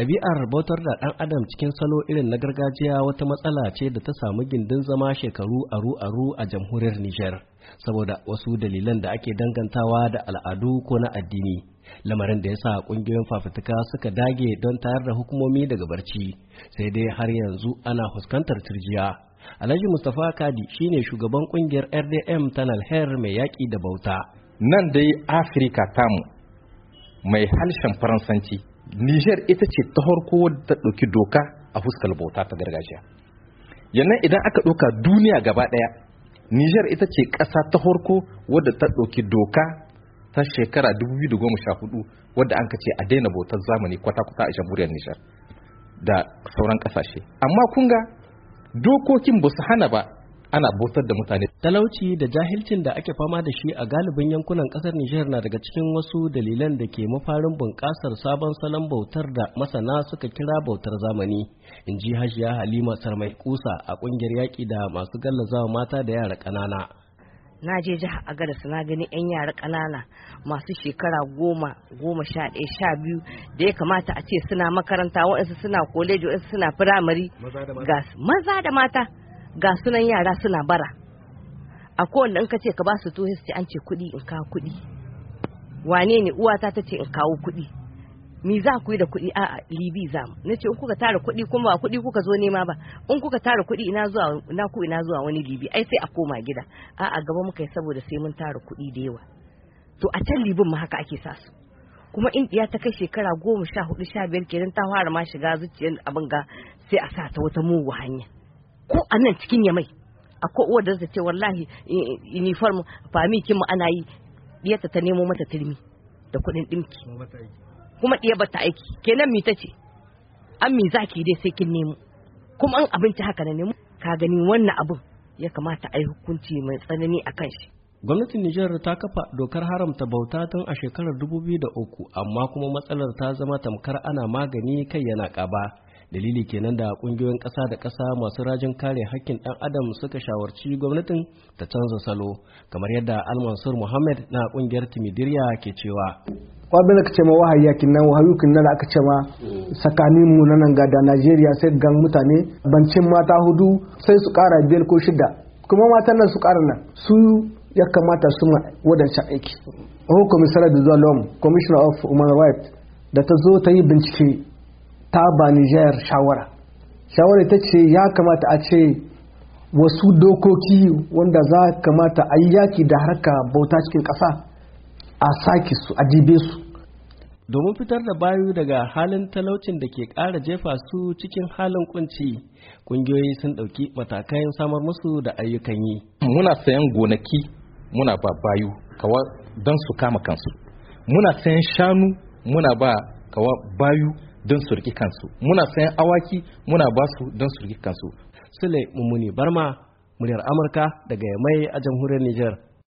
ɗabi'ar bautar da ɗan adam cikin salo irin na gargajiya wata matsala ce da ta samu gindin zama shekaru aru-aru a jamhuriyar Nijar saboda wasu dalilan da ake dangantawa da al'adu ko na addini lamarin da ya sa ƙungiyoyin fafutuka suka dage don tayar da hukumomi daga barci sai dai har yanzu ana fuskantar turjiya alhaji mustapha kadi shine shugaban ƙungiyar rdm ta nalher mai yaƙi da bauta nan dai afirka tamu mai harshen faransanci Niger ita ce ta harko ta ɗauki doka a fuskar bauta ta gargajiya. Yannan idan aka ɗauka duniya gaba ɗaya, Nijar ita ce ƙasa ta harko wadda ta ɗauki doka ta shekara 2014 wadda an ce a daina bautar zamani kwata-kwata a jamhuriyar Nijar. da sauran ƙasashe. Amma kun ga dokokin ba su hana ba ana bautar da mutane. Talauci da jahilcin da ake fama da shi a galibin yankunan kasar Nijar na daga cikin wasu dalilan da ke mafarin bunƙasar sabon salon bautar da masana suka kira bautar zamani. In ji Hajiya Halima Sarmai Kusa a ƙungiyar yaƙi da masu gallazawa mata da yara ƙanana. Na je jiha a gada na gani 'yan yara ƙanana masu shekara goma goma sha ɗaya sha biyu da ya kamata a ce suna makaranta waɗansu suna koleji waɗansu suna firamare maza da mata ga sunan yara suna bara a kowanne in ka ce ka ba su su ce an ce kuɗi in kawo kuɗi wane ne uwata ta ce in kawo kuɗi mi za ku yi da kuɗi a libi za mu na in kuka tara kuɗi kuma ba kuɗi kuka zo nema ba in kuka tara kuɗi ina zuwa ku ina zuwa wani libi ai sai a koma gida a'a gaba muka yi saboda sai mun tara kuɗi da yawa to a can libin ma haka ake sa su kuma in ya ta kai shekara goma sha hudu sha biyar kenan ta fara ma shiga zuciyar abin ga sai a sa ta wata mugu hanya a nan cikin yamai ko uwar da ce wallahi uniform kin mu ana yi diyata ta nemo mata turmi da kuɗin ɗinki kuma ɗiya bata aiki kenan mi ta ce an mi zaki dai sai kin nemo kuma an abinci haka na nemo ka gani wannan abin ya kamata a yi hukunci mai tsanani a kan shi gwamnatin Nijar ta kafa dokar haramta bauta tun a shekarar 2003 amma kuma matsalar ta zama tamkar ana magani kai yana ƙaba dalili kenan da kungiyoyin ƙasa da ƙasa masu rajin kare hakkin ɗan adam suka shawarci gwamnatin ta canza salo kamar yadda almansur muhammad na kungiyar timidiriya ke cewa kwabin da ka ce ma wahayakin nan wahayukin nan da aka ce ma tsakanin mu na nan da najeriya sai gan mutane bancin mata hudu sai su kara biyar ko shida kuma matan nan su kara nan su ya kamata su ma wadancan aiki hukumin sarar da zuwa Commissioner of human rights da ta zo ta yi bincike ta ba Nijar shawara shawara ta ce ya kamata a ce wasu dokoki wanda za kamata a yi yaki da harka bauta cikin ƙasa a sake su a jibe su domin fitar da bayu daga halin talaucin da ke ƙara jefa su cikin halin kunci ƙungiyoyi sun ɗauki matakan samar musu da ayyukan yi muna sayan gonaki muna ba bayu kawa don su kama kansu muna sayan shanu muna ba kawa bayu don su kansu muna sayan awaki muna basu su don su riƙi kansu sule mummuni barma muryar amurka daga mai a jamhuriyar Nijar.